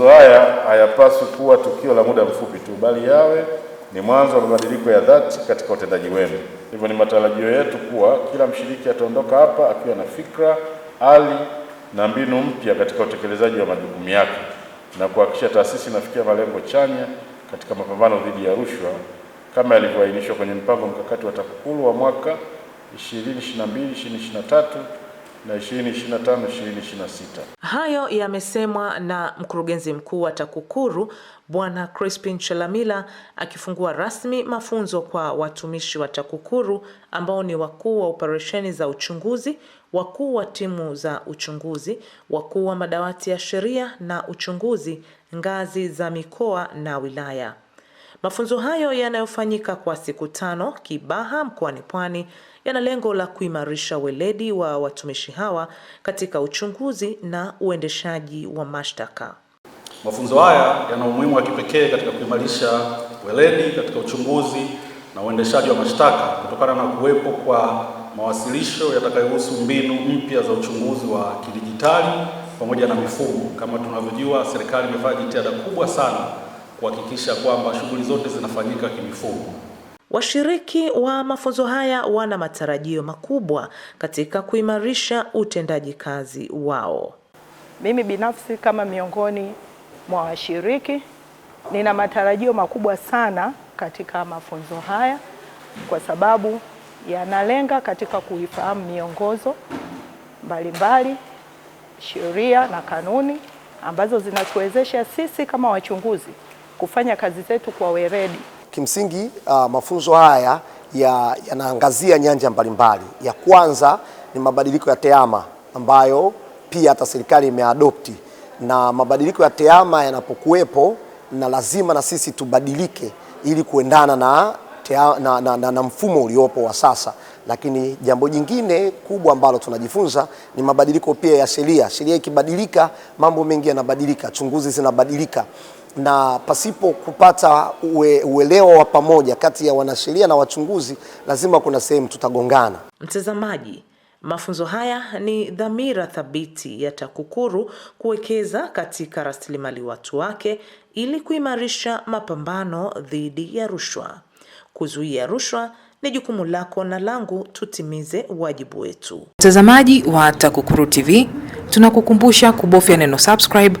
Mazungumzo haya hayapaswi kuwa tukio la muda mfupi tu, bali yawe ni mwanzo wa mabadiliko ya dhati katika utendaji wenu. Hivyo ni matarajio yetu kuwa kila mshiriki ataondoka hapa akiwa na fikra, hali na mbinu mpya katika utekelezaji wa majukumu yake na kuhakikisha taasisi inafikia malengo chanya katika mapambano dhidi ya rushwa kama yalivyoainishwa kwenye mpango mkakati wa TAKUKURU wa mwaka 2022 2023 na 2025 2026. Hayo yamesemwa na mkurugenzi mkuu wa TAKUKURU Bwana Crispin Chalamila akifungua rasmi mafunzo kwa watumishi wa TAKUKURU ambao ni wakuu wa operesheni za uchunguzi, wakuu wa timu za uchunguzi, wakuu wa madawati ya sheria na uchunguzi ngazi za mikoa na wilaya. Mafunzo hayo yanayofanyika kwa siku tano Kibaha mkoani Pwani yana lengo la kuimarisha weledi wa watumishi hawa katika uchunguzi na uendeshaji wa mashtaka. Mafunzo haya yana umuhimu wa kipekee katika kuimarisha weledi katika uchunguzi na uendeshaji wa mashtaka kutokana na kuwepo kwa mawasilisho yatakayohusu mbinu mpya za uchunguzi wa kidijitali pamoja na mifumo. Kama tunavyojua, serikali imefanya jitihada kubwa sana kuhakikisha kwamba shughuli zote zinafanyika kimifumo. Washiriki wa mafunzo haya wana matarajio makubwa katika kuimarisha utendaji kazi wao. Mimi binafsi kama miongoni mwa washiriki nina matarajio makubwa sana katika mafunzo haya kwa sababu yanalenga katika kuifahamu miongozo mbalimbali, sheria na kanuni ambazo zinatuwezesha sisi kama wachunguzi kufanya kazi zetu kwa weledi. Kimsingi uh, mafunzo haya yanaangazia ya nyanja mbalimbali. Ya kwanza ni mabadiliko ya TEHAMA ambayo pia hata serikali imeadopti, na mabadiliko ya TEHAMA yanapokuwepo na lazima na sisi tubadilike ili kuendana na, na, na, na, na mfumo uliopo wa sasa. Lakini jambo jingine kubwa ambalo tunajifunza ni mabadiliko pia ya sheria. Sheria ikibadilika, mambo mengi yanabadilika, chunguzi zinabadilika na pasipo kupata ue, uelewa wa pamoja kati ya wanasheria na wachunguzi, lazima kuna sehemu tutagongana. Mtazamaji, mafunzo haya ni dhamira thabiti ya TAKUKURU kuwekeza katika rasilimali watu wake ili kuimarisha mapambano dhidi ya rushwa. Kuzuia rushwa ni jukumu lako na langu, tutimize wajibu wetu. Mtazamaji wa TAKUKURU TV, tunakukumbusha kubofya neno subscribe